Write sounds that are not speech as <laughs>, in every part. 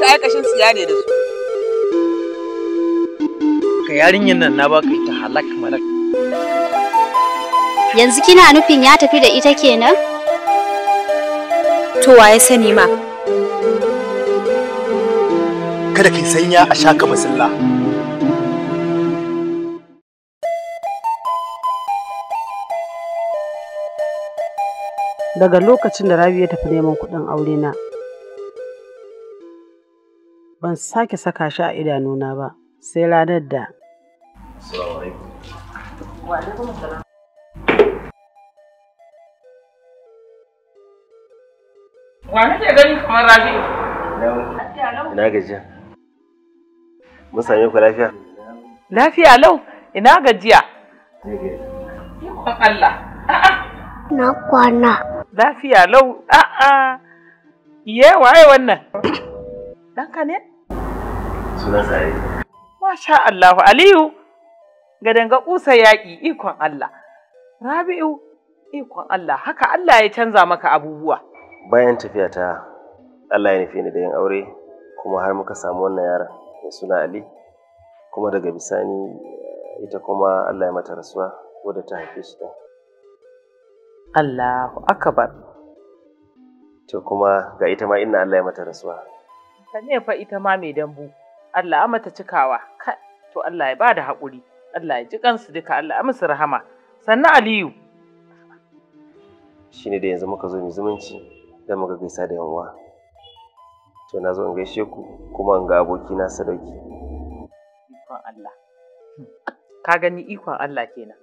mata aikashin siya ne da su ka yarinyar nan na baka ita halak malak yanzu kina nufin ya tafi da ita kenan to waye sani ma kada ki sanya a shaka masalla daga lokacin da Rabi ya tafi neman kuɗin aure na ban sake saka shi a idanuna ba sai ranar da Wa ke gani kamar Rabi? Ina gajiya. Mun same ku lafiya? Lafiya lau, ina gajiya. Allah. Na kwana. Lafiya lau, a'a. Iye waye wannan? Ɗanka ne? suna sa masha Allahu Aliyu ga danga ƙusa yaƙi ikon Allah Rabi'u ikon Allah haka Allah ya canza maka abubuwa bayan tafiya ta Allah ya nufi ni da yin aure kuma har muka samu wannan yaran mai suna Ali kuma daga bisani ita kuma Allah ya mata rasuwa wadda ta haife shi ta Allahu akbar to kuma ga ita ma inna Allah ya mata rasuwa ka ne fa ita ma mai dambu Allah ya mata cikawa to Allah ya bada haƙuri Allah ya ji kansu duka Allah ya musu rahama sannan Aliyu shine da yanzu muka zo mu zumunci da muka gaisa da yawa. to na zo in gaishe ku kuma in ga aboki na sadauki ikon Allah ka gani ikon Allah kenan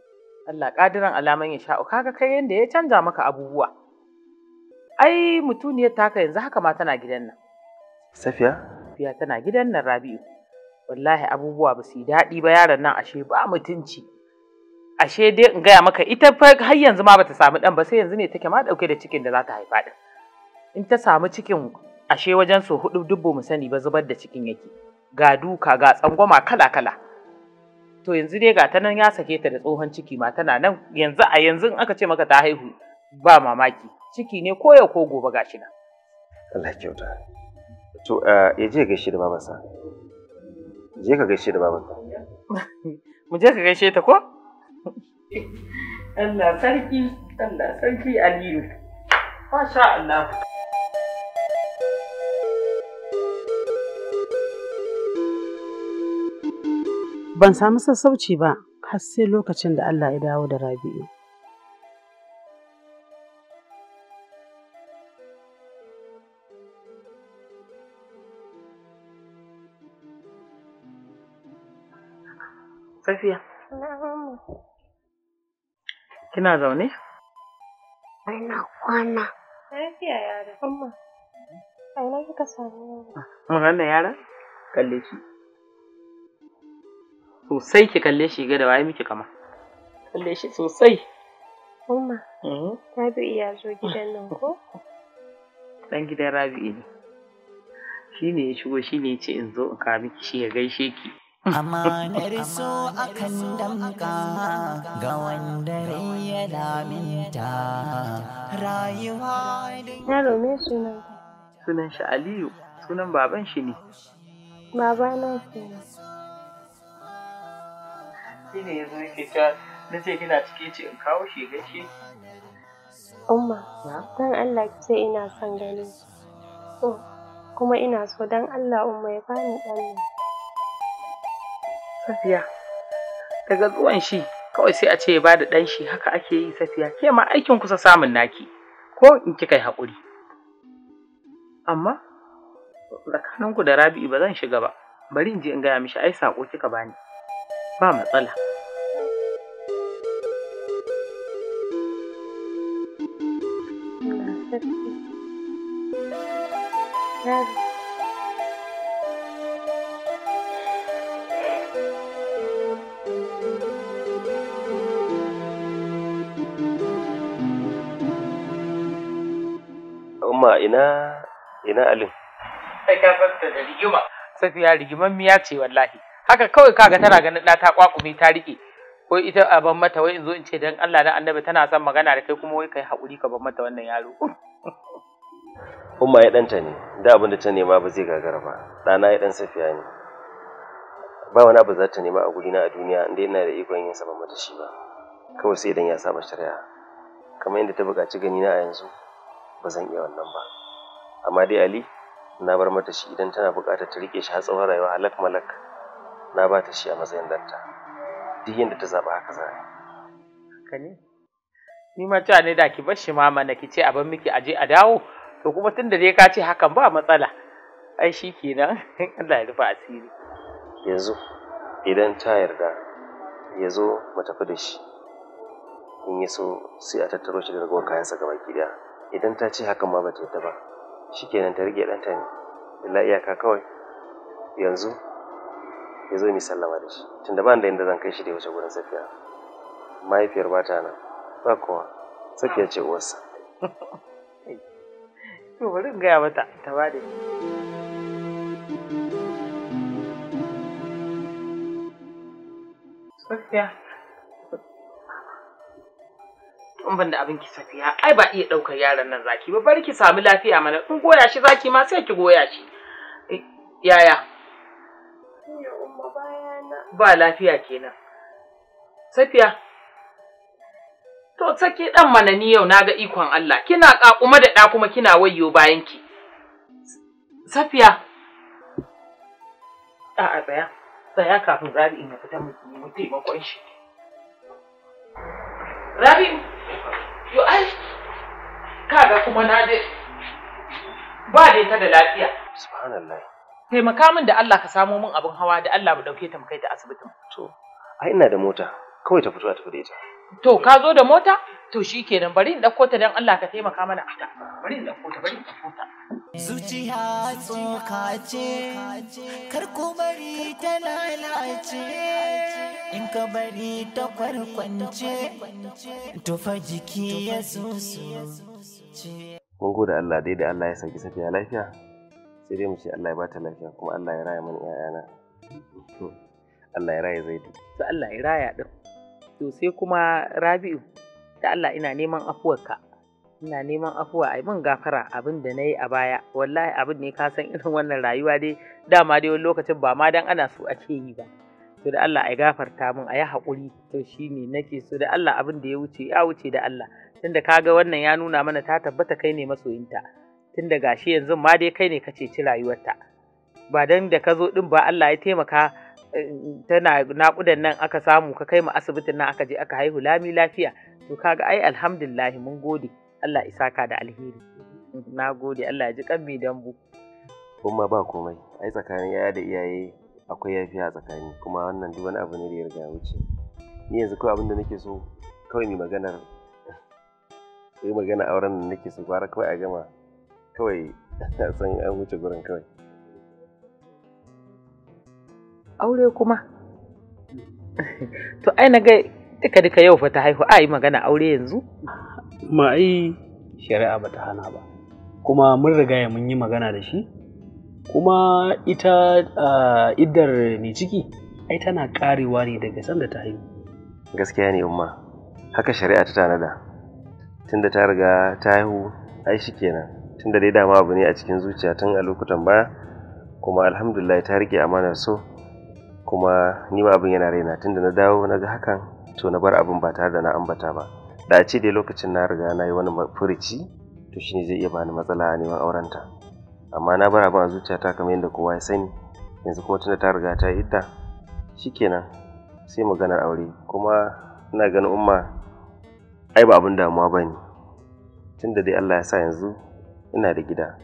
Allah kadiran alaman ya sha'u kaga kai yanda ya canza maka abubuwa ai mutuniyar taka yanzu haka ma tana gidan nan safiya lafiya tana gidan nan Rabi'u. Wallahi abubuwa ba su yi daɗi ba yaron nan ashe ba mutunci. Ashe dai in gaya maka ita fa har yanzu ma bata samu ɗan ba sai yanzu ne take ma ɗauke da cikin da za ta haifa ɗin. In ta samu cikin ashe wajen so hudu dubbo mu sani ba zubar da cikin yake. Ga duka ga tsangwama kala-kala. To yanzu dai ga ta nan ya sake ta da tsohon ciki ma tana nan yanzu a yanzu in aka ce maka ta haihu ba mamaki ciki ne ko ya ko gobe gashi nan. Allah kyauta. To, eh, ya je gaishe da babansa. Je ka gaishe da babansa. <laughs> Mu je ka gaishe ta ko? Allah sarki, Allah sarki Aliyu. Masha Allah. Ban samu sassauci ba har sai lokacin da Allah ya dawo da Rabi'u. Tafiya. Kina zaune? Ina kwana. Lafiya yara. Amma. A ina kika samu yara? Mun ranna yara? Kalle shi. Sosai ki kalle shi gada waye miki kama. Kalle shi sosai. Umma. Mm-hmm. Rabi'u ya zo gidan nan ko? <laughs> Dan gidan Rabi'u ne. Shi ne ya shigo shi ne ya ce in zo in kawo miki shi ya gaishe ki. Amanar <laughs> so akan damka ga wanda ya laminta rayuwa Yaro me sunan Sunan shi Aliyu, sunan baban shi ne. Babana kenan. Shi ne yanzu yake ta na ce kina ciki ce in kawo shi gashi. Umma, don Allah ki ce ina son ganin. Oh, kuma ina so don Allah Umma ya bani ɗan safiya daga zuwan shi kawai sai a ce ya da ɗan shi haka ake yi safiya ke ma aikin kusa samun naki ko in kika yi haƙuri amma tsakaninku da rabi'u ba zan shiga ba bari in je in gaya mishi ai saƙo kika bani ba matsala Yeah. ina ina alin sai ka santa da rigima safiya rigiman miya ce wallahi haka kawai kaga tana ganin ɗa ta kwakume ta rike ko ita a ban mata wai in zo in ce dan Allah dan annabi tana son magana da kai kuma wai kai haƙuri ka ban mata wannan yaro <laughs> umma ya danta ne da abin ta nema ba zai gagara ba ɗana ya dan safiya ne ba wani abu za ta nema a na a duniya inda yana da ikon yin saman mata shi ba kawai sai idan ya saba shari'a kamar yadda ta buƙaci gani na a yanzu ba zan iya wannan ba amma dai ali na bar mata shi idan tana buƙatar ta riƙe shi har tsawon rayuwa halak malak na ba ta shi a matsayin danta duk yadda ta zaɓa haka za a yi ni ma cewa ne da ki bar shi mama na ki ce a bar miki a je a dawo to kuma tun da dai ka ce hakan ba matsala ai shi kenan <laughs> Allah ya rufa asiri yanzu idan ta yarda ya zo mu tafi da shi in ya so sai a tattaro shi da ragowar kayansa gaba ki idan ta ce hakan ma bata yarda ba shikenan ta rike ɗanta ne illa iyaka kawai yanzu ya zo mi sallama da shi tunda ba da inda zan kai shi da wace gurin safiya mahaifiyar ba ta nan ba kowa safiya ce uwarsa <laughs> to bari in gaya mata ta ba da safiya in ban da abin ki safiya ai ba iya ɗaukar yaron nan zaki ba bari ki samu lafiya mana in goya shi zaki ma sai ki goya shi yaya ba lafiya kenan safiya to sake dan mana ni yau naga ikon Allah kina kakuma da ɗa kuma kina wayyo bayan ki safiya a'a tsaya tsaya kafin rabi'in ya fita mu taimakon shi rabi yo ai kaga kuma na je ba da ta da lafiya subhanallah taimaka min da Allah ka samo min abin hawa da Allah mu dauke ta mu kai ta asibitin to ai ina da mota kawai ta fito a tafi da ita to ka zo da mota to shikenan bari in dauko ta dan Allah ka taimaka mana a ta bari in dauko ta bari in dauko ta zuciya tsoka ce kar ku bari ta lalace in ka bari ta kwarkwance tufa jiki ya Mun Allah dai da Allah ya sauki safiya lafiya. Sai dai mu ce Allah ya bata lafiya kuma Allah ya raya mana ƴaƴana. Allah ya raya Zaidu. To Allah ya raya din. To sai kuma Rabi'u da Allah ina neman afuwarka. Ina neman afuwa ai mun gafara abin da na yi a baya. Wallahi abin ne ka san irin wannan rayuwa dai dama dai wani lokacin ba ma dan ana so ake yi ba. so da Allah ai gafarta min yi haƙuri to shi shine nake so da Allah abin da ya wuce ya wuce da Allah tunda kaga wannan ya nuna mana ta tabbata kai ne masoyinta tunda gashi yanzu ma dai kai ne ka ceci rayuwarta ba dan da ka zo din ba Allah ya taimaka eh, tana naƙudan nan aka samu ka kai mu asibitin nan aka je aka haihu lami lafiya to kaga ai alhamdulillah mun gode Allah isa ka da alheri na gode Allah ya ji kan dambu kuma ba komai ai tsakanin yaya da iyaye akwai yafiya a tsakani kuma wannan duk wani abu ne da ya riga wuce ni yanzu kawai abin da nake so kawai mai maganar <laughs> yi magana auren da nake so gwara kawai a gama kawai <laughs> san an wuce gurin kawai aure kuma <laughs> to ai na ga duka duka yau fa ta haihu a yi magana aure yanzu ma ai shari'a ba ta hana ba kuma mun riga mun yi magana da shi kuma ita uh, idar mai ciki ai tana karewa ne daga sanda ta haihu gaskiya ne umma haka shari'a ta tanada tunda ta riga ta haihu ai shikenan tunda dai dama abu ne a cikin zuciya tun a lokutan baya kuma alhamdulillah ta rike amanar so kuma ni ma abin yana raina tunda na dawo na ga hakan to na bar abin ba tare da na ambata ba da a ce dai lokacin na riga na yi wani furici to shine zai iya bani matsala a neman aurenta amma na bar abin a zuciyata kamar yadda kowa ya sani yanzu kuma tunda ta riga ta idda shikenan sai maganar aure kuma ina ganin umma ai ba abin damuwa ba ne tunda dai Allah ya sa yanzu ina da gida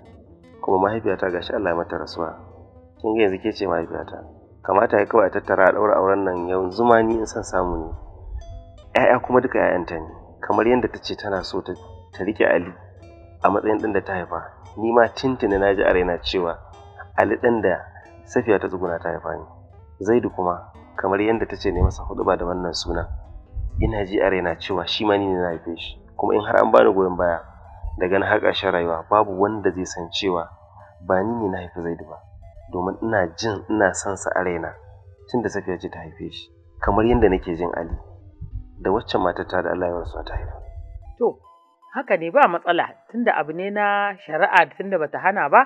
kuma mahaifiyata gashi Allah ya mata rasuwa kin ga yanzu ke ce mahaifiyata kamata ya kawai a tattara a ɗaura auren nan yanzu ma ni in san samu ne ‘ya'ya kuma duka ‘ya'yanta ne kamar yadda ta ce tana so ta riƙe Ali a matsayin ɗin da ta haifa ni ma tintina na ji a raina cewa ali ɗan da safiya ta tsuguna ta haifa ni zaidu kuma kamar yadda ta ce ne masa hudu ba da wannan suna ina ji a raina cewa shi ma ni ne na haife shi kuma in har an bani goyon baya daga na har ƙarshen rayuwa babu wanda zai san cewa ba ni ne na haifi zaidu ba domin ina jin ina son sa a raina tun safiya ce ta haife shi kamar yadda nake jin ali da waccan matar ta da Allah ya warsa ta haifa to haka ne ba matsala tunda abu ne na shari'a tunda bata hana ba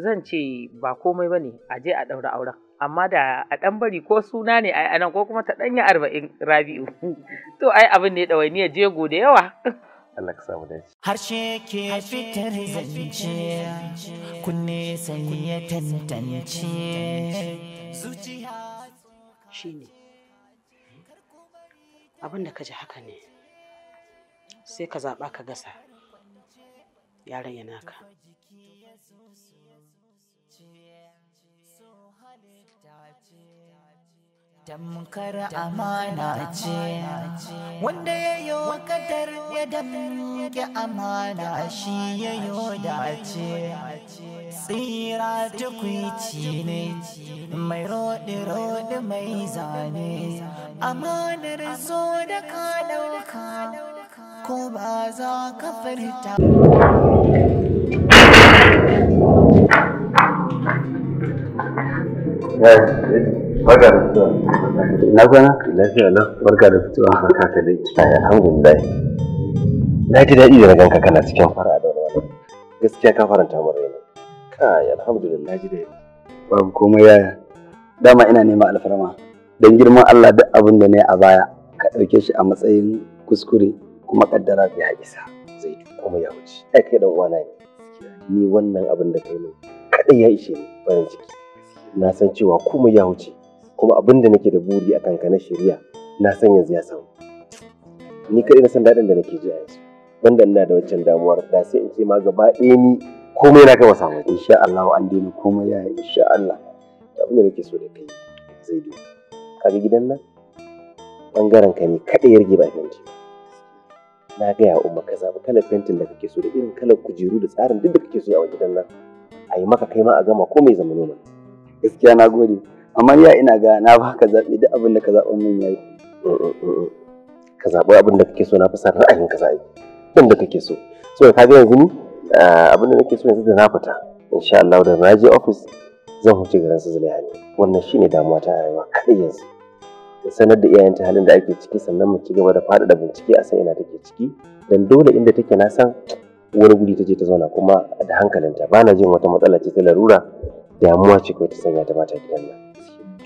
zan ce ba komai ba ne a je a ɗaura auren amma da a ɗan bari ko suna ne a nan ko kuma ta ɗanya arba'in rabi'u <laughs> to ai abin ne ɗawainiya jego da yawa <laughs> Harshe ke fitar zance, kunne sai ya tantance. shi ne, abin da ka haka ne. sai ka zaɓa ka gasa yaron ya naka damkar amana ce wanda ya yi wa kadar ya damke amana shi ya yi dace tsira tukwici ne mai roɗi-roɗi mai zane amanar zo da ka ɗauka ko ba za ka furta Na gwana? Lafiya na Barka da fitowa. Barka ka dai. Alhamdulillah. Na ji daɗi da na ganka kana cikin fara da wani Gaskiya ka faranta min raina. Kai alhamdulillah ji daɗi. Babu komai yaya. Dama ina neman alfarma. Don girman Allah duk abin da na yi a baya ka ɗauke shi a matsayin kuskure kuma kaddara ya isa zai kuma ya wuce ai kai dan uwana ne ni wannan abin da kai mun kadai ya ishe ni farin ciki na san cewa kuma ya wuce kuma abin da nake da buri akan kankana shari'a na san yanzu ya samu ni kadai na san dadin da nake ji a yanzu banda ina da waccan damuwar da sai in ce ma gaba ɗaya ni komai na gama samu insha Allah an daina komai ya insha Allah abin da nake so da kai zai ka ga gidan nan bangaren ka ne kadai ya rage ba fenti na gaya wa umma ka zaɓi kalar fentin da kake so da irin kalar kujeru da tsarin duk da kake so a gidan nan a yi maka kai ma a gama ko mai zama noma gaskiya na gode amma ya ina ga na ba ka zaɓi duk abin da ka zaɓa min yi. Mm, mm, mm, ka zaɓi abin da kake so na fi sa ra'ayin ka zaɓi abin da kake so so ka ga yanzu ni ah, abin da nake so yanzu da na fita insha Allah da na je office zan huce garin su zuliya ne wannan shine damuwa ta rayuwa kaɗai yanzu ta sanar da iyayenta halin da ake ciki sannan mu ci gaba da faɗaɗa bincike a san ina take ciki dan dole inda take na san wani guri ta je ta zauna kuma da hankalinta ba na jin wata matsala ce ta larura damuwa ce kawai ta sanya ta mata gidan nan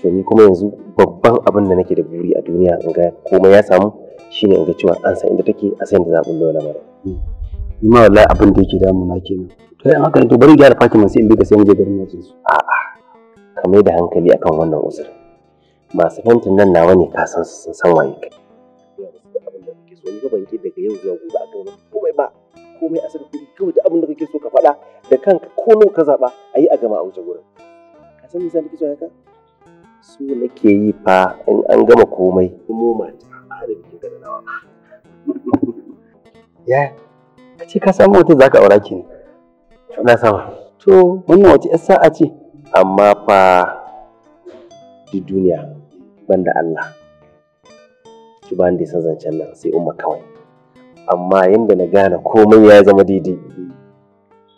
to ni kuma yanzu babban abin da nake da buri a duniya in ga komai ya samu shine in ga cewa an san inda take a san da za a bullo mara ni ma wallahi abin da yake ke kenan to yan haka to bari gyara fatima sai in bi ga sai mu je garin su a'a ka mai da hankali akan wannan usul masu fentin nan nawa ne ka san sun san waye kai ya ba abin da kake so ni ba banki daga yau zuwa gobe a gaban komai ba komai a saka kuɗi kawai da abin da kake so ka faɗa da kanka ko nawa ka zaɓa a yi a gama a wuce gurin ka san me yasa nake so haka su nake yi fa in an gama komai kuma mata a da bikin ka da nawa <laughs> ya ka ce ka samu za ka aura ki ne na sama to mun wace 'yar sa'a ce amma fa cikin duniya banda Allah ki bani da san zancen nan sai umma kawai amma yanda na gane komai ya zama daidai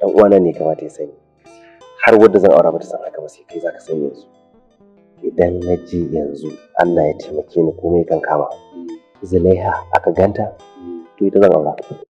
dan uwana ne kamata ya sani har wanda zan aura mata san haka ba sai kai zaka san yanzu idan na ji yanzu Allah ya taimake ni komai kan kama Zulaiha aka ganta to ita zan aura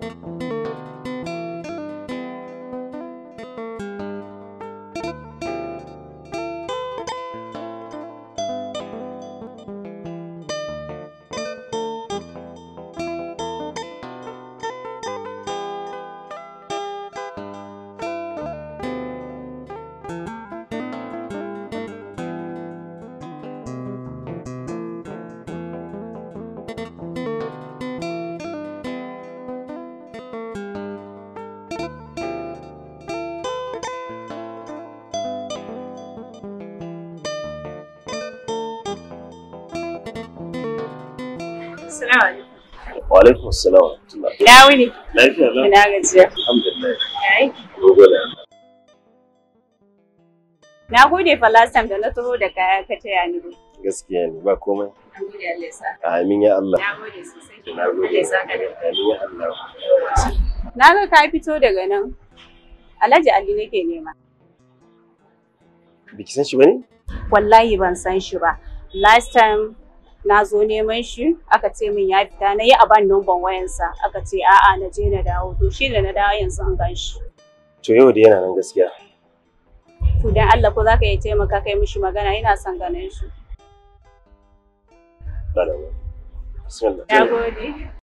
Thank you. alaikum assalam wa rahmatullah ina wuni lafiya na ina gajiya alhamdulillah ai gogole na gode fa last time da na taho da kaya ka taya ni gaskiya ne ba komai amin ya Allah na gode sosai na gode amin ya Allah na ga ka fito daga nan Alhaji Ali nake nema biki san shi bane wallahi ban san shi ba last time na zo neman shi aka ce min ya fita na yi a ban numban wayansa aka ce a'a na je na dawo to shi da na dawo yanzu an gan shi. To yau da yana nan gaskiya. To dan Allah ko zaka iya taimaka kai mishi magana ina son ganin shi. Bismillah. Ya gode.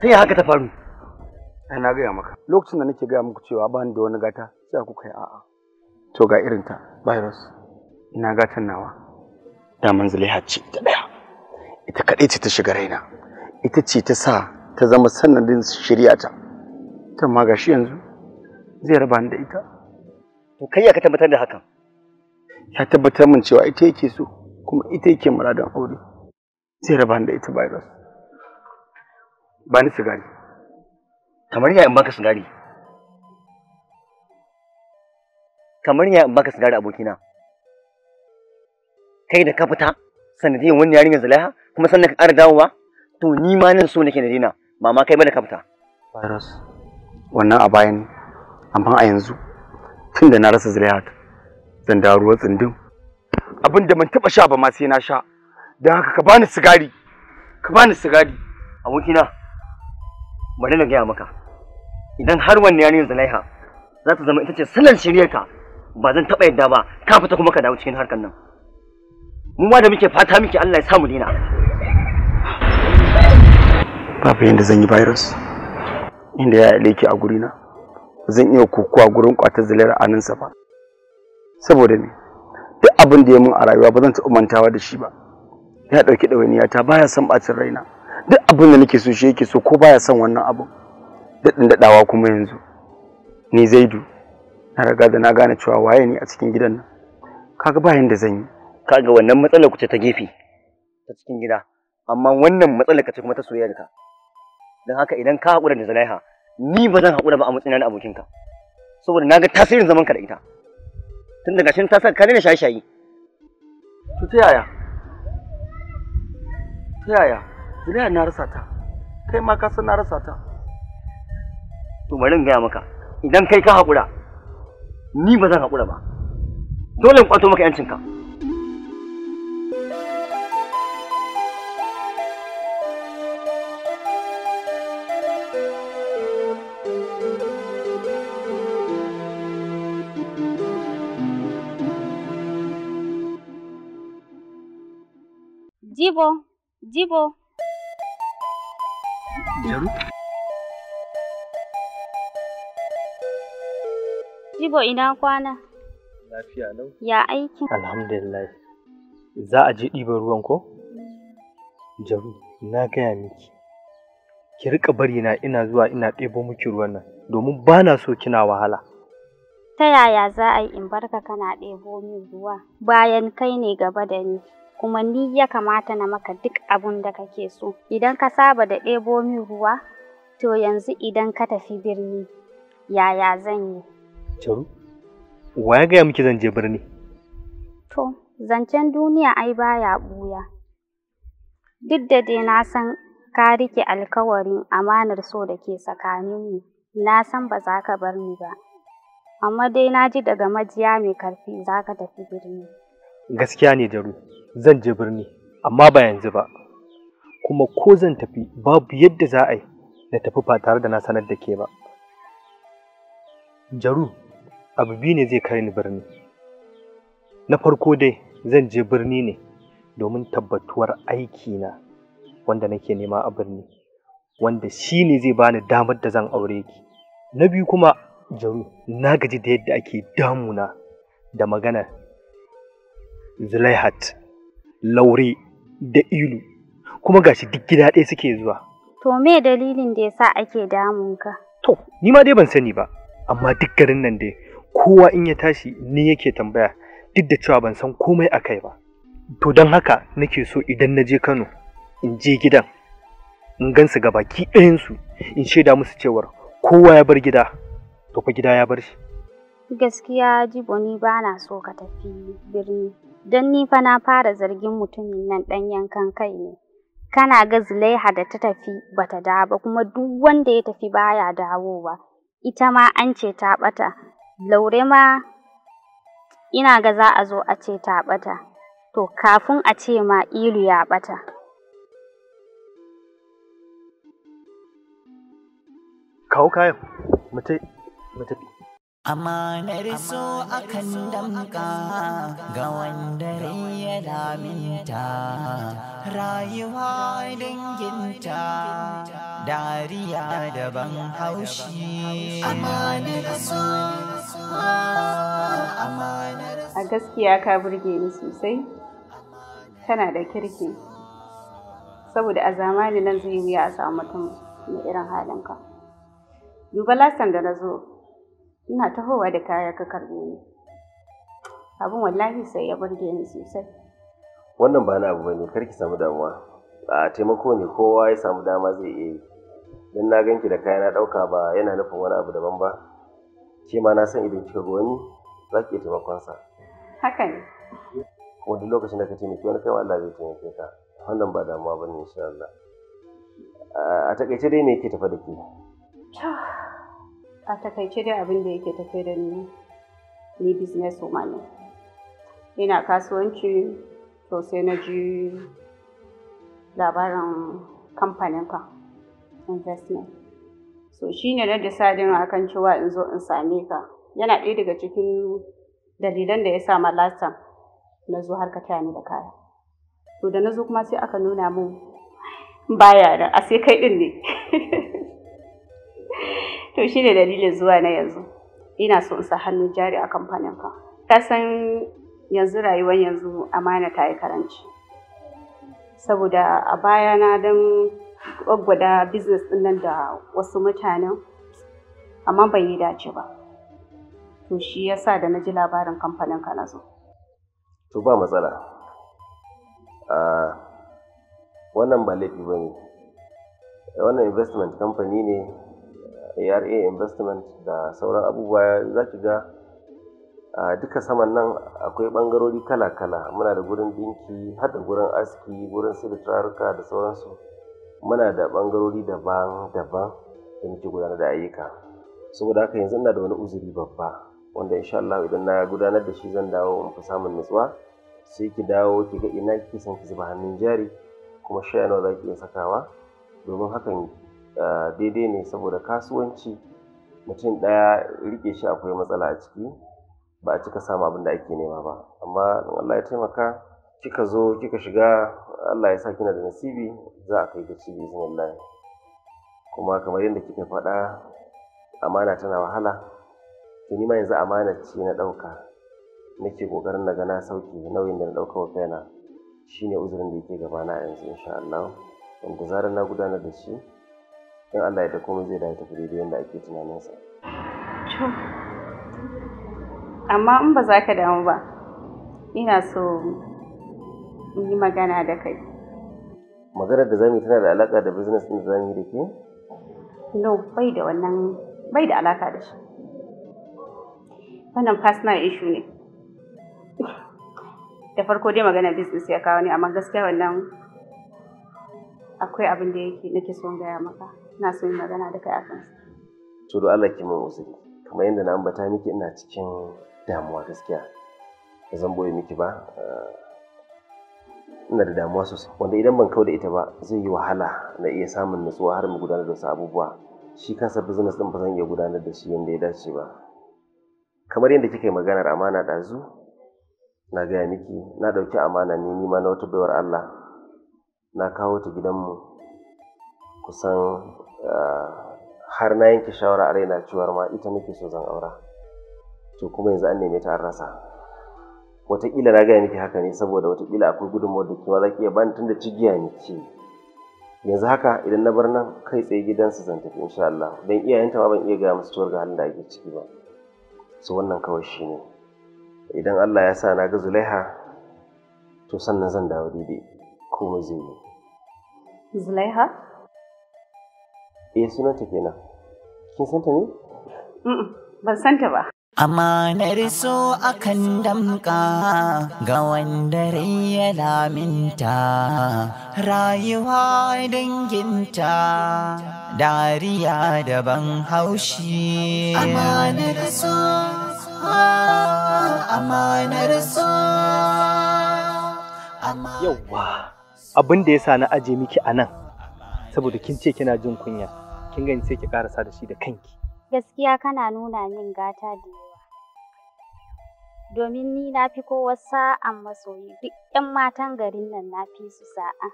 ta yi haka ta faru ai na gaya maka lokacin da nake gaya muku cewa ba ni da wani gata sai ku kai a'a to ga irin ta virus ina gatan nawa daman zulaiha ce ta daya ita kadai ce ta shiga raina ita ce ta sa ta zama sanadin shirya ta ta ma gashi yanzu zai raba ni da ita to kai ya ka tabbatar da hakan ya tabbatar min cewa ita yake so kuma ita yake muradin aure zai raba ni da ita virus ba ni sigari kamar ya in baka sigari kamar ya in baka sigari abokina kai da ka fita sanadiyan wani yarinya zalaha kuma sannan ka ƙara dawowa to ni ma nan so nake da dina ba ma kai ba da ka fita virus wannan a bayan amma a yanzu tun da na rasa zalaiha zan dawo ruwa tsindin abin da ban taba sha ba ma sai na sha don haka ka bani sigari ka bani sigari abokina bari na gaya maka idan har wanne yarinyar zalaiha za ta zama ita ce salar shiryarka ba zan taɓa yadda ba ka fita kuma ka dawo cikin harkar nan mu ma da muke fata muke Allah ya samu dina babu yadda zan yi virus inda ya leke a a gurina zan iya kokowa gurin kwatar a nan ba saboda me duk abin da ya mun a rayuwa ba zan taɓa mantawa da shi ba ya ɗauki ɗawainiya ta baya son ɓacin raina duk abin da nake so shi yake so ko baya son wannan abin daɗin dadawa kuma yanzu ni zaidu na riga da na gane cewa waye ne a cikin gidan nan kaga ba yanda zan yi kaga wannan matsalar kuce ta gefe ta cikin gida amma wannan matsalar kace kuma ta da ka don haka idan ka haƙura da zalaiha ni ba zan haƙura ba a matsayin na abokinka saboda na ga tasirin zaman ka da ita tun daga shin ta sa ka ne shaye-shaye to ta yaya ta yaya Zuriya na rasa ta. Kai ma ka na rasa ta. To bari in gaya maka. Idan kai ka haƙura, ni ba zan haƙura ba. Dole in kwato maka 'yancinka. Jibo, Jibo, Jibo ina kwana? Lafiya lau. Ya aiki? Alhamdulillah. Za a je ɗiban ruwan ko? Jaru, na gaya miki. Ki riƙa bari na ina zuwa ina ɗebo miki ruwan nan domin ba na so kina wahala. Ta yaya za a yi in barka kana ɗebo min ruwa bayan kai ne gaba da ni? kuma ni ya kamata na maka duk abun da kake so. Idan ka saba da ɗebo min ruwa, to yanzu idan ka tafi birni, yaya zan yi? Ciro, wa ya gaya miki zan je birni? To, zancen duniya ai baya ɓuya. Duk da dai na san ka rike alkawarin amanar so da ke tsakaninmu, na san ba za ka bar ni ba. Amma dai na ji daga majiya mai karfi za ka tafi birni. gaskiya ne jaru zan je birni amma ba yanzu ba kuma ko zan tafi babu yadda za a yi na tafi ba tare da na sanar da ke ba jaru abu biyu ne zai kare ni birni na farko dai zan je birni ne domin tabbatuwar na, wanda nake nema a birni wanda shi ne zai bani damar da zan aure ki na biyu kuma jaru na gaji da yadda ake damuna da magana. Zulaihat, Laure da Ilu, kuma ga shi duk gida ɗaya suke zuwa. To me dalilin da yasa ake damun ka? To, ni ma dai ban sani ba, amma duk garin nan dai kowa in ya tashi ni yake tambaya duk da cewa ban san komai a kai ba. To don haka nake so idan na je Kano in je gidan in gansu ga baki ɗayansu in shaida musu cewar kowa ya bar gida to fa gida ya bar shi. Gaskiya Jibo ni ba na so ka tafi birni. don ni fa na fara zargin mutumin nan ɗan yankan kai ne. Kana ga Zulaiha da ta tafi bata da ba kuma duk wanda ya tafi baya dawowa. Ita ma an ce ta ɓata. Laure ma ina ga za a zo a ce ta ɓata. To kafin a ce ma ilu ya ɓata. Kawo kayan, mu tafi. Amanar so akan damka ga wanda ya ta, rayuwa danginta dariya daban haushi. Amanar so, A gaskiya ka burge ni sosai, kana da kirki, saboda a zamani nan zai wuya a samu mutum mai irin halinka. Duba lasan da na zo. ina tahowa da kaya ka karni ni abin wallahi sai ya burge ni sosai wannan ba na abu bane kar ki samu damuwa a taimako ne kowa ya samu dama zai iya yi don na ganki da kaya na ɗauka ba yana nufin wani abu daban ba ke ma na san idan kika ga wani za ki iya taimakonsa haka ne wani lokacin da ka taimaki wani kai Allah zai taimake ka wannan ba damuwa bane insha Allah a takaice dai me yake tafa da ke a takaice dai abin da yake tafe da ni ni business woman ina kasuwanci to sai na ji labarin kamfanin ka investment so shi ne na decidin a kan cewa in zo in same ka yana ɗaya daga cikin dalilan da ya sa ma last time na zo har ka taya ni da kaya to da na zo kuma sai aka nuna mun baya da a sai kai ɗin ne <laughs> to shi ne dalilin zuwa na yanzu ina so in sa hannun jari a kamfanin ka ka san yanzu rayuwar yanzu amana ta yi karanci saboda a baya na don gwaggwada business din nan da wasu mutanen amma ban yi dace ba to shi yasa da na ji labarin kamfanin ka na zo to ba matsala wannan ba laifi ba ne wannan investment company ne ARA investment da sauran abubuwa za ki ga a duka saman nan akwai bangarori kala-kala muna da gurin dinki har da gurin aski gurin su da sauransu muna da bangarori daban-daban da muke gudanar da ayyuka saboda haka yanzu ina da wani uzuri babba wanda insha Allah idan na gudanar da shi zan dawo in fi samun nutsuwa sai ki dawo ki ga ina kike san ki zuba hannun jari kuma sha nawa za ki iya sakawa domin hakan daidai ne saboda kasuwanci mutum ɗaya riƙe shi akwai matsala a ciki ba a cika samu abin da ake nema ba amma in Allah ya taimaka kika zo kika shiga Allah ya sa kina da nasibi za a kai ga bi izinin kuma kamar yadda kika faɗa amana tana wahala to ni ma yanzu amana ce na ɗauka nake ƙoƙarin na gana sauki nauyin da na ɗauka wa kaina shine uzurin da yake gabana yanzu insha Allah wanda zarar na gudanar da shi in Allah ya komai zai dawo tafi daidai yadda ake tunaninsa. Amma in ba za ka damu ba, ina so in yi magana da kai. Maganar da yi tana da alaƙa da business ɗin da mu yi da ke? No, bai da wannan, bai da alaƙa da shi. Wannan personal issue ne. Da farko dai maganar business ya kawo ne, amma gaskiya wannan akwai abin da yake nake son gaya maka. ina so yin magana da kai akan to da Allah ki mun wasu. kamar yadda na ambata miki ina cikin damuwa gaskiya ba zan boye miki ba eh, ina da damuwa sosai wanda idan ban kau da ita ba zai yi wahala na iya samun nutsuwa har mu gudanar da wasu abubuwa shi kansa business din ba zan iya gudanar da shi yadda ya dace ba kamar yadda kika yi maganar amana ɗazu na gaya miki na ɗauki amana ne nima na wata baiwar Allah na kawo ta gidanmu kusan Ah, har na yanke shawara a raina cewar ma ita nake so zan aura to kuma yanzu an neme ta an rasa wataƙila na gaya miki haka ne saboda wataƙila akwai gudunmawar da kima za ki iya bani tunda cigiya ne ke yanzu haka idan na bar nan kai tsaye gidansu zan tafi insha Allah dan iyayenta ma ban iya gaya musu cewar ga halin da ake ciki ba su wannan kawai shi ne idan Allah ya sa na ga Zulaiha to sannan zan dawo daidai komai zai yi Zulaiha eh sunanta kenan kin santa ne ban ta ba Amanar so akan damka ga wanda rai ya laminta rayuwa danginta dariya daban haushi. Amanar so, ah, amanar so. Yawwa abin da ya sa na aje miki a nan saboda kin ce kina jin kunya kin gani sai ki karasa da shi da kanki gaskiya kana nuna min gata da yawa domin ni na fi kowa sa'an masoyi duk 'yan matan garin nan na fi su sa'a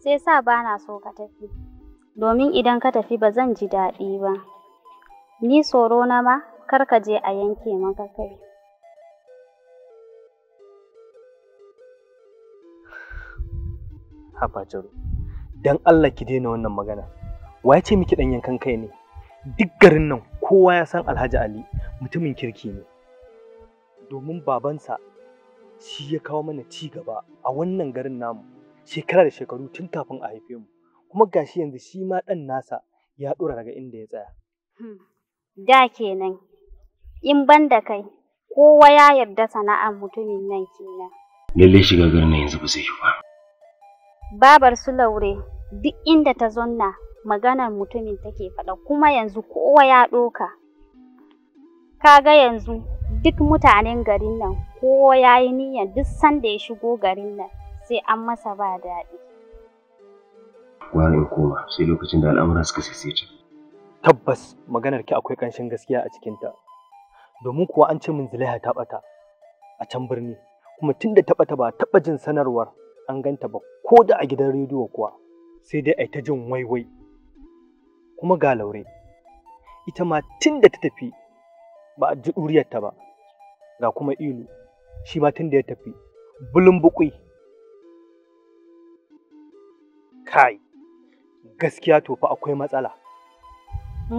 sai sa ba na so ka tafi domin idan ka tafi ba zan ji daɗi ba ni tsoro na ma kar ka je a yanke maka kai haba jaro dan Allah ki daina wannan magana wa ya ce miki dan yankan kai ne duk garin nan kowa ya san Alhaji Ali mutumin kirki ne domin babansa shi ya kawo mana ci gaba a wannan garin namu shekara da shekaru tun kafin a haife mu kuma gashi yanzu shi ma dan nasa ya dora daga inda ya tsaya hmm. da kenan in ban da kai kowa ya yarda sana'ar mutumin nan kenan Lalle shiga garin nan yanzu ba zai yi ba babar su laure duk inda ta zonna maganar mutumin take faɗa kuma yanzu kowa ya ɗoka kaga yanzu duk mutanen garin nan kowa ya yi niyyar duk sanda ya shigo garin nan sai an masa ba daɗi koma sai lokacin da al'amura suka sisece tabbas maganar ki akwai ƙanshin gaskiya a cikinta domin kuwa an ce min zulaiha ta ɓata a can birni kuma tun da ta ɓata ba taɓa jin sanarwar an ganta ba ko da a gidan rediyo kuwa sai dai ai ta jin waiwai kuma ga laure ita ma tun da ta tafi ba a ji ɗuriyarta ba ga kuma ilu shi ma tun da ya tafi bulun bukui kai gaskiya to fa akwai matsala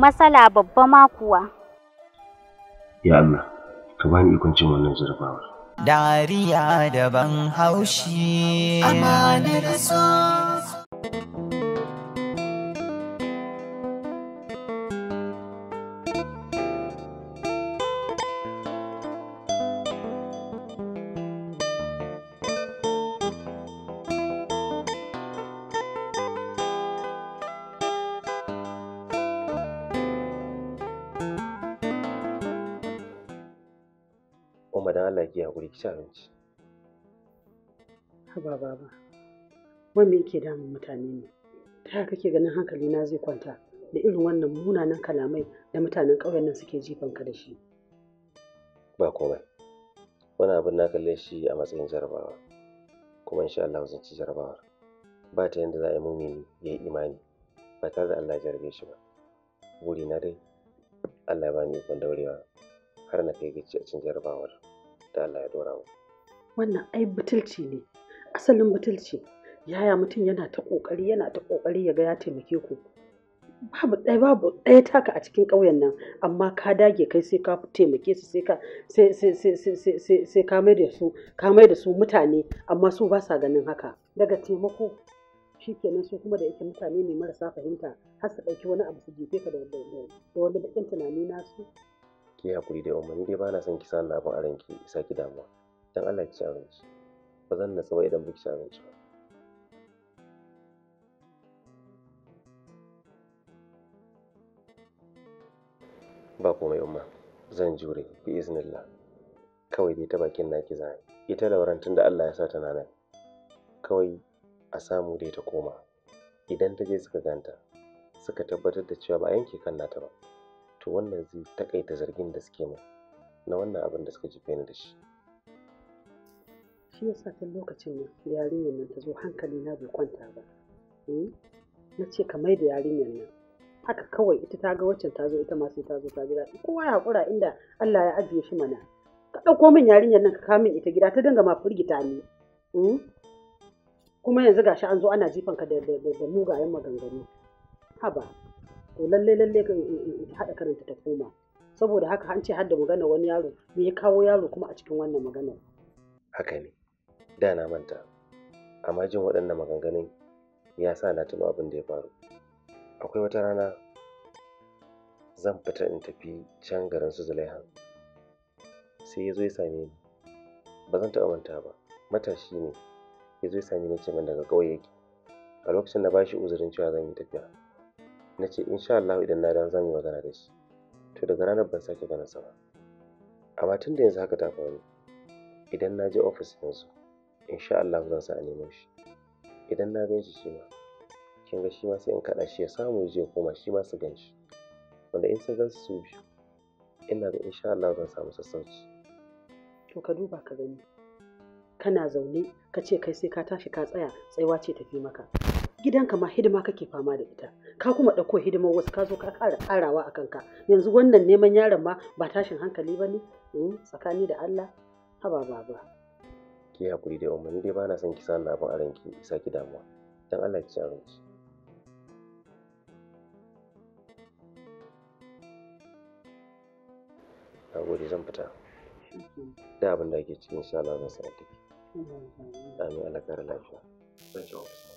matsala babba ma kuwa ya Allah ka bani ikon cin wannan jarabawar dariya daban haushi da so amma don Allah ki hakuri ki ci abinci haba baba wai me yake damun mutane ne ta kake ganin hankali na zai kwanta da irin wannan munanan kalamai da mutanen ƙauyen nan suke jifan ka da shi ba komai wani abin na kalle shi a matsayin jarabawa kuma insha Allah zan ci jarabawar ba ta yadda za a yi mumini ya yi imani ba tare da Allah ya jarabe shi ba na dai Allah ya ni ikon daurewa har na kai gaci a cin jarabawar Allah ya dora wannan ai butulci ne asalin butulci yaya mutum yana ta ƙoƙari, yana ta ƙoƙari ya ga ya taimake ku babu ɗaya babu ɗaya taka a cikin ƙauyen nan amma ka dage kai sai ka taimake su sai ka sai ka mai da su ka mai da su mutane amma su ba sa ganin haka daga taimako shi shikenan su kuma da yake mutane ne marasa fahimta har su ɗauki wani abu su jefe ka da wani baƙin tunani nasu ki hakuri da umarni dai bana son ki sa na a ranki damuwa dan Allah ki ci abinci ba zan natsu ba idan baki ci abinci ba ba komai umma zan jure bi iznillah kawai dai ta bakin naki za ita da wurin da Allah ya sa tana nan kawai a samu dai ta koma idan ta je suka ganta suka tabbatar da cewa ba a yanke kan nata ba to wannan zai takaita zargin da suke mai na wannan abin da suka jefe ni da shi shi ya sa tun lokacin nan yarinyar nan ta zo hankali na bai kwanta ba hmm? na ce ka mai da yarinyar nan haka kawai ita ta ga waccan ta zo ita ma sai ta zo ta gida kowa ya haƙura inda Allah ya ajiye shi mana ka ɗauko min yarinyar nan ka kawo min ita gida ta dinga ma firgita ni hmm? kuma yanzu gashi an zo ana jifan ka da mugayen maganganu haba to lalle lalle ka eh, eh, eh, haɗa karanta ta koma saboda haka an ce hadda magana wani yaro me ya kawo yaro kuma a cikin wannan magana haka ne da na manta amma jin waɗannan maganganun ya sa na tuno abin da ya faru akwai wata rana zan fita in tafi can garin su zulaihan sai ya zo ya same ni ba zan taɓa manta ba matashi ne ya zo ya same ni ce min daga ƙauye yake a lokacin da ba shi uzurin cewa zan yi tafiya na ce insha Allah idan na dan zamu magana da shi to daga ranar ban sake ganin sa ba amma tun da yanzu haka ta faru idan na je ofis yanzu insha Allah zan sa a nemo shi idan na gan shi shi ma kin ga shi ma sai in kaɗa shi ya samu ya je koma shi ma su gan shi wanda in sun gan su biyu ina da insha Allah zan samu sassauci to ka duba ka gani kana zaune ka ce kai sai ka tashi ka tsaya tsaiwa ce tafi maka gidanka ma hidima kake fama da ita ka kuma ɗauko hidimar wasu ka zo ka ƙara ƙarawa a kanka yanzu wannan neman yaron ma ba tashin hankali ba ne hmm, tsakani da Allah haba ba. ki hakuri da umarni dai ba na son ki sa na abin aranki isa ki damuwa don Allah ki ci abinci na gode zan fita da abin da ake cikin sha Allah zan sa ki amin Allah kare lafiya zan ci abinci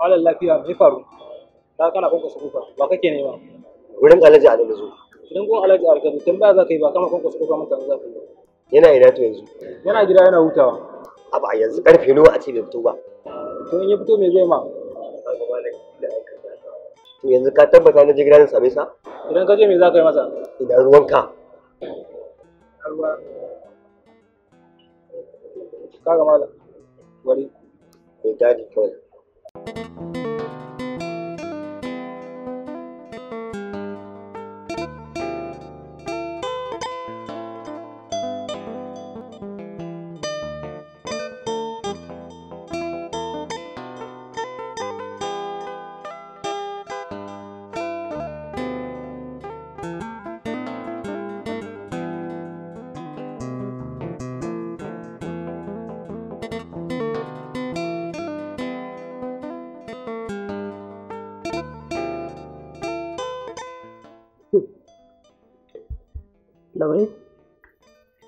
malam lafiya me faru ka kana kwankwasa kofa ba kake nema wurin alhaji alhaji idan kuma alhaji alhaji tambaya za ka yi ba kana kwankwasa kofa mutane za ka yi yana ina to yanzu yana gida yana hutawa A ba yanzu karfe nawa a ce bai fito ba to in ya fito me zai ma to yanzu ka tabbata na je gidan same sa idan ka je me za ka yi masa idan ruwanka kaga malam wari bai dadi kawai Thank you.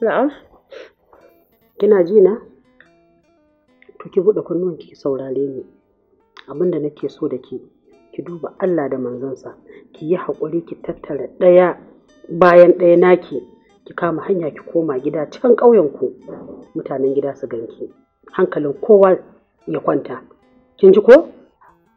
na'am kina ji na? To ki buɗe kunnuwan ki saurare ni. Abin da nake so da ke, ki duba Allah da sa ki yi haƙuri ki tattara ɗaya bayan ɗaya naki, ki kama hanya ki koma gida ƙauyen ƙauyenku, mutanen gida su ganki. Hankalin kowa ya kwanta. Kin ji ko?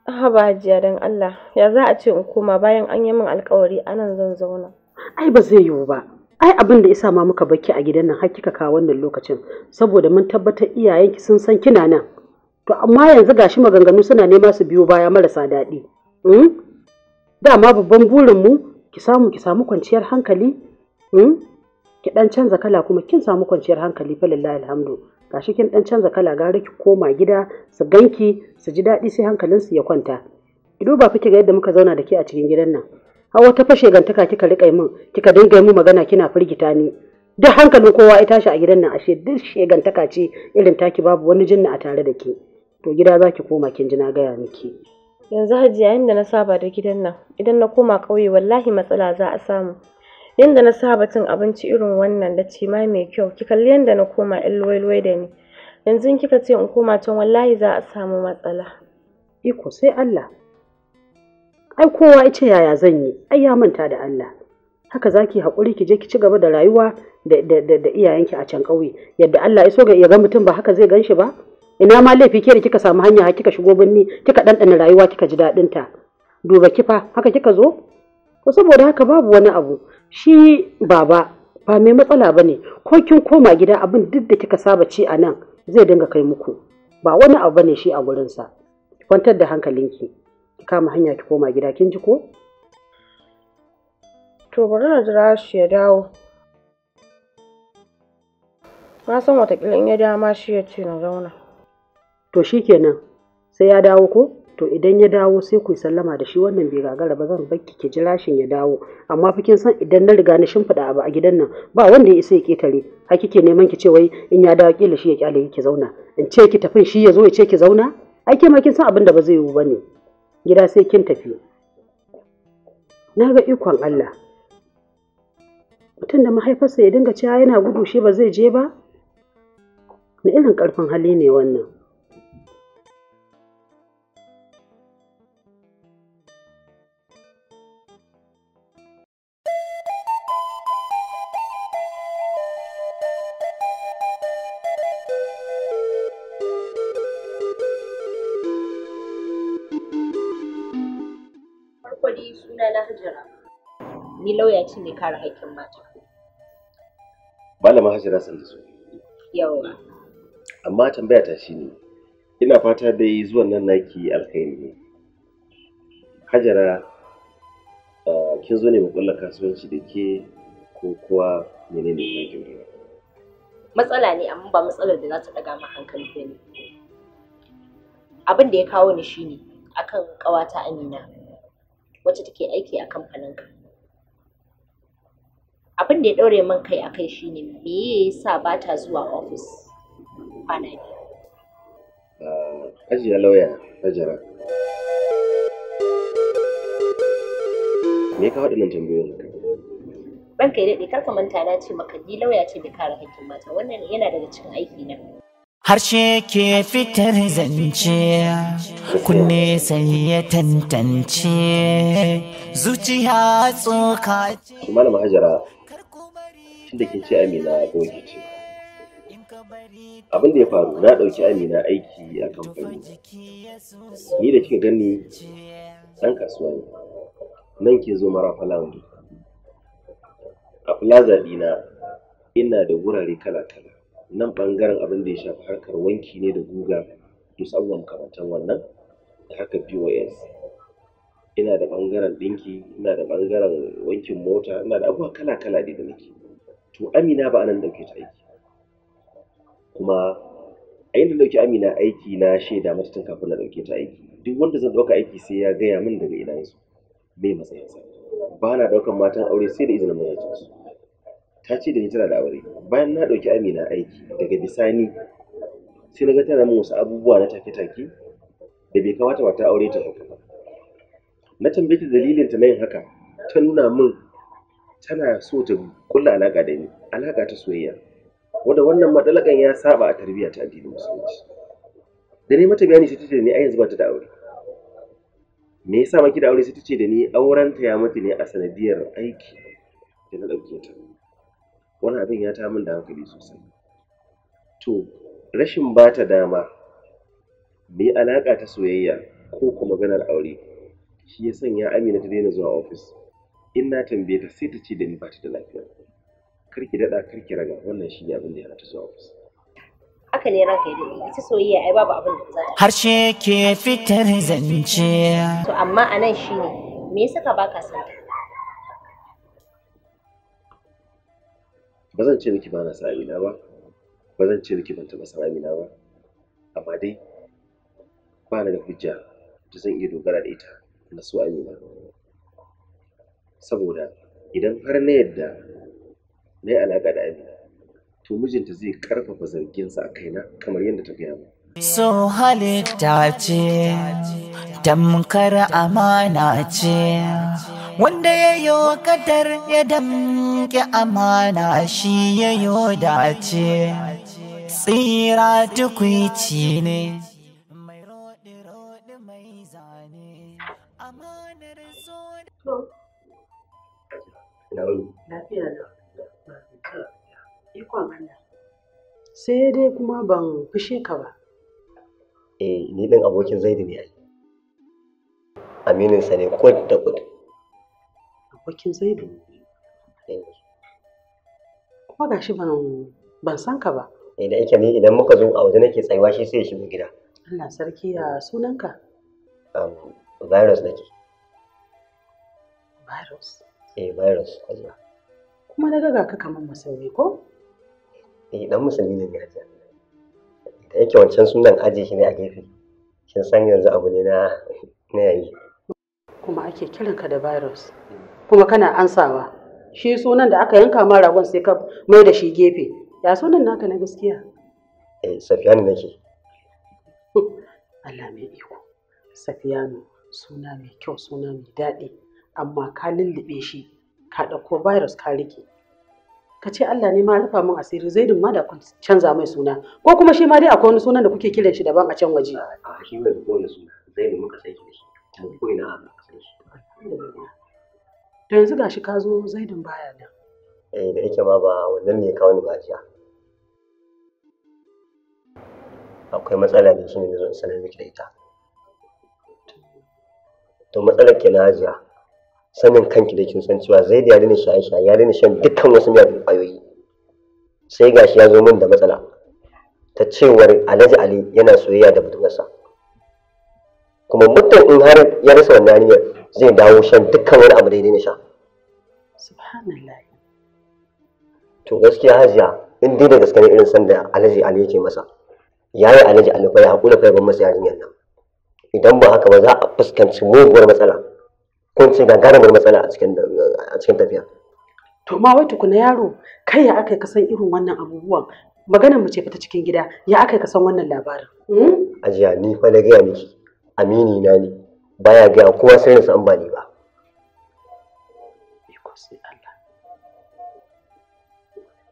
Haba jiya don Allah, ya za a ce in koma bayan an yi min alkawari anan zan zauna. Ai ba zai yiwu ba. ai abin da yasa ma muka baki a gidan nan har kika kawo wannan lokacin saboda mun tabbatar iyayenki sun san kina nan to amma yanzu gashi maganganu suna nema su biyo baya marasa daɗi hmm? dama babban burin mu ki samu ki samu kwanciyar hankali hmm? ki dan canza kala kuma kin samu kwanciyar hankali fa lillahi alhamdu gashi kin dan canza kala gara ki koma gida su ganki su ji daɗi sai hankalinsu ya kwanta ki duba fa ki ga yadda muka zauna da ke a cikin gidan nan hawa ta fashe gantaka kika rika min kika dinga mu magana kina firgita ni duk hankalin kowa ya tashi a gidan nan ashe duk shegantaka ce irin taki babu wani jinna a tare da ke to gida za ki koma kin ji na gaya miki yanzu hajiya da na saba da gidan nan idan na koma ƙauye wallahi matsala za a samu yanda na saba cin abinci irin wannan da cima mai kyau ki kalli yanda na koma in luwai da ni yanzu kika ce in koma can wallahi za a samu matsala iko sai Allah ai kowa ya ce yaya zan yi ai ya manta da Allah haka zaki haƙuri ki je ki ci gaba da rayuwa da iyayenki a can ƙauye yadda Allah ya so ga ya ga mutum ba haka zai gan shi ba ina ma laifi ke da kika samu hanya kika shigo birni kika ɗanɗana rayuwa kika ji daɗin ta duba kifa haka kika zo ko saboda haka babu wani abu shi baba ba mai matsala bane. ko kin koma gida abin duk da kika saba ci a nan zai dinga kai muku ba wani abu bane shi a gurinsa kwantar da hankalinki ki kama hanya ki koma gida kin ji ko to bari na jira shi ya dawo na san watakila in ya dama shi ya ce na zauna to shikenan sai ya dawo ko to idan ya dawo sai ku sallama da shi wannan bai gagara ba zan bakki ki jira shin ya dawo amma fa kin san idan na riga na shimfiɗa abu a gidan nan ba wanda ya isa ya ketare har kike neman ki ce wai in ya dawo kila shi ya kyale ki zauna in ce ki tafin shi ya zo ya ce ki zauna ai ke ma kin san abin da ba zai yiwu ne. gida sai kin tafi na ga ikon Allah mutum da mahaifarsa ya dinga cewa yana gudu shi ba zai je ba na irin ƙarfin hali ne wannan aikin ne kare haƙƙin mata malama Hajara san da Yawwa. amma tambaya ta shine ina fata dai zuwan nan naki alkhairi ne hajjara kin zo ne mu kulla kasuwanci da ke ko kuwa menene ne matsala ne amma ba matsalar da za ta daga ma hankali ba ne abin da ya kawo ni shine akan ƙawata amina wacce take aiki a kamfaninka abin da ya ɗaure min kai a kai shine me yasa ba ta zuwa ofis kwana biyu ah, ajiya lauya hajara me ka waɗannan tambayoyin ka ranka ya daɗe karka manta na ce maka ni lauya ce mai kare haƙƙin mata wannan yana daga cikin aiki na harshe ke fitar zance kunne sai ya tantance zuciya tsoka ce malama hajara lokacin da ke ce Amina a ɗauki ce. Abin ya faru na ɗauki Amina aiki a kamfani. Ni da kika gani ɗan kasuwa ne. Nan ke zo mara falawa A plaza ɗina ina da wurare kala-kala. Nan ɓangaren abin da ya shafi harkar wanki ne da guga duk abubuwan makamantan wannan da haka POS. ina da ɓangaren ɗinki ina da ɓangaren wankin mota ina da abubuwa kala kala dai da nake to amina ba anan dauke ta aiki kuma a yadda dauki amina aiki na shaida mata tun kafin na dauke ta aiki duk wanda zan dauka aiki sai ya gaya min daga ina yanzu me matsayinsa ba na daukan matan aure sai da izinin mazajensu ta ce da ni tana da aure bayan na dauki amina aiki daga bisani sai na ga tana min wasu abubuwa na take-take da bai kamata mata aure ta haka na tambaye ta dalilin ta na yin haka ta nuna min tana so ta kulla alaƙa da ni alaƙa ta soyayya wanda wannan matsalakan ya saba a tarbiyya ta addinin musulunci da ne mata bayani sai ta ce da ni a yanzu ba ta da aure me yasa baki da aure sai ta ce da ni auren ta ya mutu ne a sanadiyar aiki da na ɗauke ta Wani abin ya ta min da hankali sosai to rashin ba ta dama me alaka alaƙa ta soyayya ko kuma ganar aure shi ya sanya amina ta daina zuwa ofis in na tambaye ta sai ta ce da ni ba ta da lafiya kar ki daɗa kar ki raga wannan shi ne abin da ya rata zuwa ofis haka ne ranka yi ki ita soyayya ai babu abin da za ta harshe ke fitar zance to amma a nan shi ne me yasa ka baka son ba zan ce miki ba na sa amina ba ba zan ce miki ban taɓa sa amina ba amma dai ba na da hujja da zan iya dogara da ita na so amina saboda idan har na yadda na yi alaƙa da Amina to mijinta zai ƙarfafa zarginsa a kaina kamar yadda ta gaya mu. So halitta ce, tamkar amana ce, wanda ya yi kadar ya damƙe amana shi ya yi dace, tsira tukwici ne. launi lafiya da ikon Allah sai dai kuma ban fushe ka ba eh ni ɗin abokin Zaidu ne ai aminin sa ne kud da kud abokin Zaidu eh. kuma gashi ban ban san ka ba idan eh, ake ni idan muka zo a waje nake tsayuwa shi sai ya shigo gida Allah sarki ya sunanka um, virus nake virus eh virus kwalba kuma na ga ka kaman musulmi ko eh dan musulmi ne ga ta da yake wancan sunan aje shi ne a gefe kin san yanzu abu ne na na yayi kuma ake kiranka da virus kuma kana ansawa shi sunan da aka yanka ma ragon sai ka mai da shi gefe ya sunan naka na gaskiya eh safiyanu nake <laughs> Allah mai iko safiyanu suna mai kyau suna mai daɗi amma ka lullube shi ka ɗauko virus ka rike ka ce Allah ne ma rufa min asiri zaidin ma da canza mai suna ko kuma shi ma dai akwai wani sunan da kuke kiran shi daban a can waje a shi mai ko wani suna zaidin muka san shi kuma ko ina a san shi to yanzu gashi ka zo zaidin baya nan eh da yake ma ba wannan ne kawo ni ba ciya akwai matsala ne shi ne zo in sanar miki da ita to matsalar ke na hajiya sanin kanki da kin san cewa zai da ya daina shaye-shaye ya daina shan dukkan wasu miyagun ƙwayoyi sai gashi ya zo min da matsala ta cewar alhaji ali yana soyayya da budurwarsa kuma mutum in har ya rasa wannan niyyar zai dawo shan dukkan wani abu da ya daina sha to gaskiya hajiya in dai da gaskiya irin irin sanda alhaji ali yake masa yayi alhaji ali fa ya haƙura ban masa yarinyar nan idan ba haka ba za a fuskanci muguwar matsala ko ce gagarumar matsala a cikin a cikin tafiya to ma wai tukuna yaro kai ya aka kasan irin wannan abubuwan maganar mu ce fita cikin gida ya aka kasan wannan labarin hmm? ajiya ni fa da gaya miki amini na ne baya gaya kowa sai sa an ba ni ba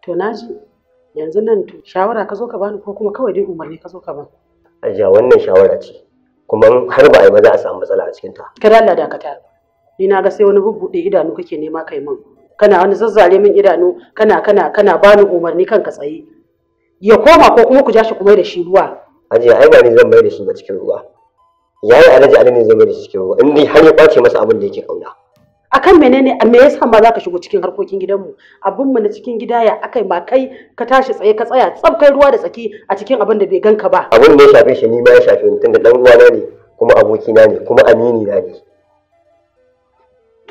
to naji yanzu nan to shawara ka zo ka bani ko kuma kawai dai umarni ka zo ka bani ajiya wannan shawara ce kuma har ba a yi ba za a samu matsala a cikin ta kada Allah dakata ni na ga sai wani bubbuɗe idanu kake nema kai mun. kana wani zazzare min idanu kana kana kana bani umarni kanka tsaye ya koma ko kuma ku ja shi kuma da shi ruwa ajiya ai ba ni zan mai da shi ba cikin ruwa yayi alaji alani zan mai da shi cikin ruwa in dai har ya kwace masa abin da yake kauna akan menene me yasa ma zaka shigo cikin harkokin gidanmu abin mu na cikin gida ya akai ba kai ka tashi tsaye ka tsaya tsab ruwa da tsaki a cikin abin da bai ganka ba abin da ya shafe shi ni ma ya shafe ni tunda dan ruwa na ne kuma abokina ne kuma amini na ne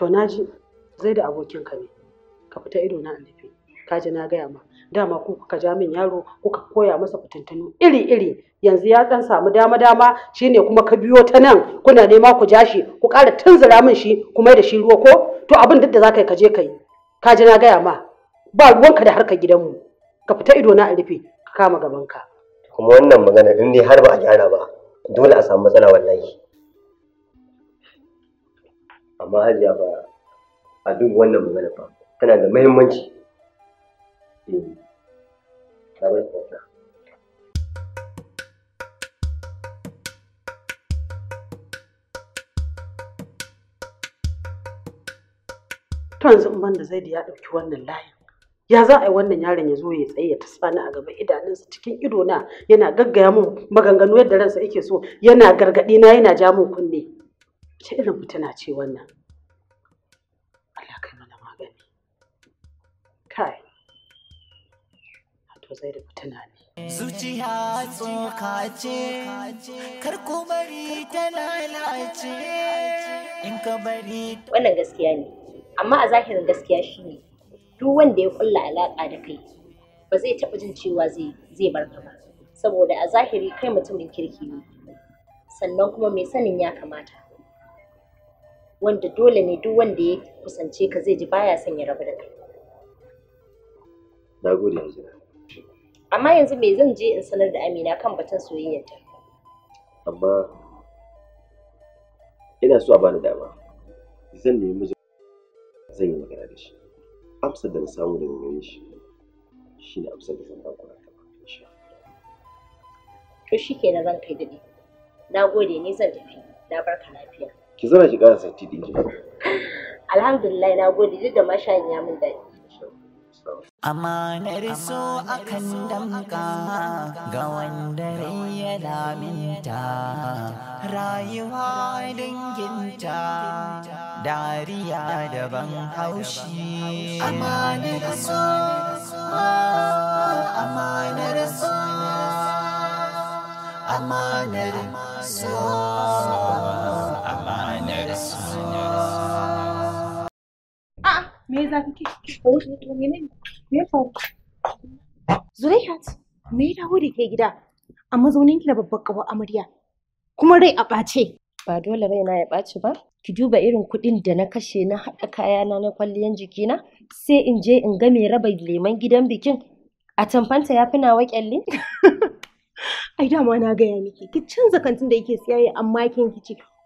to na ji zai da abokin ka ne ka fita ido na alifi ka ji na gaya ma dama ku kuka ja min yaro kuka koya masa fitintunu iri iri yanzu ya dan samu dama dama shine kuma ka biyo ta nan kuna nema ku ja shi ku ƙara tunzura min shi kuma da shi ruwa ko to abin duk da za ka yi ka je ka yi ka ji na gaya ma ba ruwanka da harkar gidanmu ka fita ido na alifi ka kama gabanka kuma wannan magana ne ne har ba a gyara ba dole a samu matsala wallahi amma hajiya ba a duk wannan magana ba tana da muhimmanci eh, to yanzu in banda zaidi ya ɗauki wannan layin ya za a yi wannan yaron ya zo ya tsaye ta tasfani a gaban idanunsa cikin idona yana gaggaya min maganganu yadda ransa yake so yana gargaɗi na yana ja min kunne ta irin na ce wannan Allah kai mana magani kai to zai da tana ne zuciya tsoka ce kar ku bari ta lalace in ka bari wannan gaskiya ne amma a zahirin gaskiya shi ne. duk wanda ya kulla alaka da kai ba zai taɓa jin cewa zai bar ka ba saboda a zahiri kai mutumin kirki ne sannan kuma mai sanin ya kamata wanda dole ne duk wanda ya kusance ka zai ji baya son ya rabu da kai na gode amma yanzu me zan je in sanar da amina kan batun soyayyarta amma ina so a bani dama zan nemi zan yi magana da shi amsar da na samu daga gare shi shi ne amsar da zan ba ku to shi ke na zan kai daɗi na gode ni zan tafi na barka lafiya ki zara ki ƙara sati din ki alhamdulillah na gode duk da mashayin ya mun daɗi Amanar so akan damka ga wanda ya laminta rayuwa danginta dariya daban haushi. Amanar so, amanar so, amanar so. A'a, ah, me za ka ke? Me faru? Zulaihat, me ya dawo da ke gida a mazauninki da babbar ƙawar amarya? Kuma rai a ɓace. Ba dole raina ya ɓace ba. Ki duba irin kuɗin da na kashe na haɗa kayana na kwalliyan jikina, sai in je in ga mai raba leman gidan bikin. A tamfanta ya fi nawa ƙyalli. <laughs> Ai dama na gaya miki, ki canza kantin da yake siyayya amma kin kici.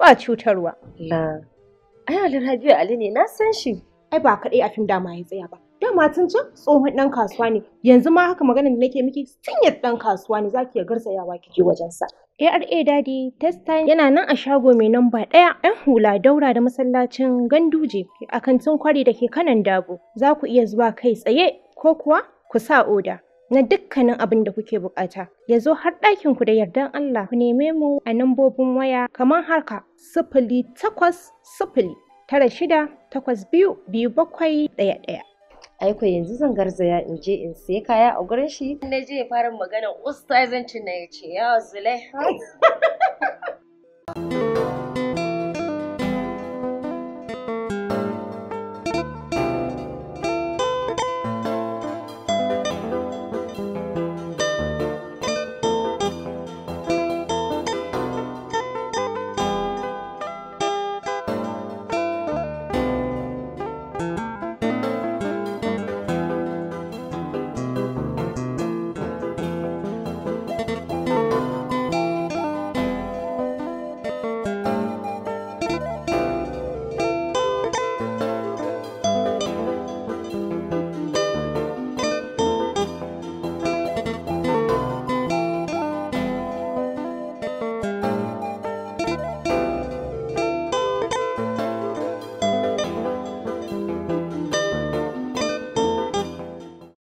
ba cutarwa. La. Ai Alhaji Ali ne na san shi. Ai ba kaɗai a fim dama ya tsaya ba. Dama tun can tsohon ɗan kasuwa ne. Yanzu ma haka maganar da nake miki sinyar ɗan kasuwa ne zaki ya garsayawa kike wajen sa. ARA Daddy test time yana nan a shago mai namba ɗaya Yan hula daura da masallacin Ganduje a kantin kwari da ke kanan dabo. Za ku iya zuwa kai tsaye ko kuwa ku sa oda. na dukkanin abin da kuke bukata. Ya zo har ɗakin ku da yardan Allah ku neme mu a nambobin waya kamar harka sifili takwas sifili tara shida takwas biyu biyu bakwai ɗaya ɗaya. Aiko yanzu zan garzaya in je in sai kaya a gurin shi. Na je fara magana ustazancin na ya ce yawa zule. <laughs>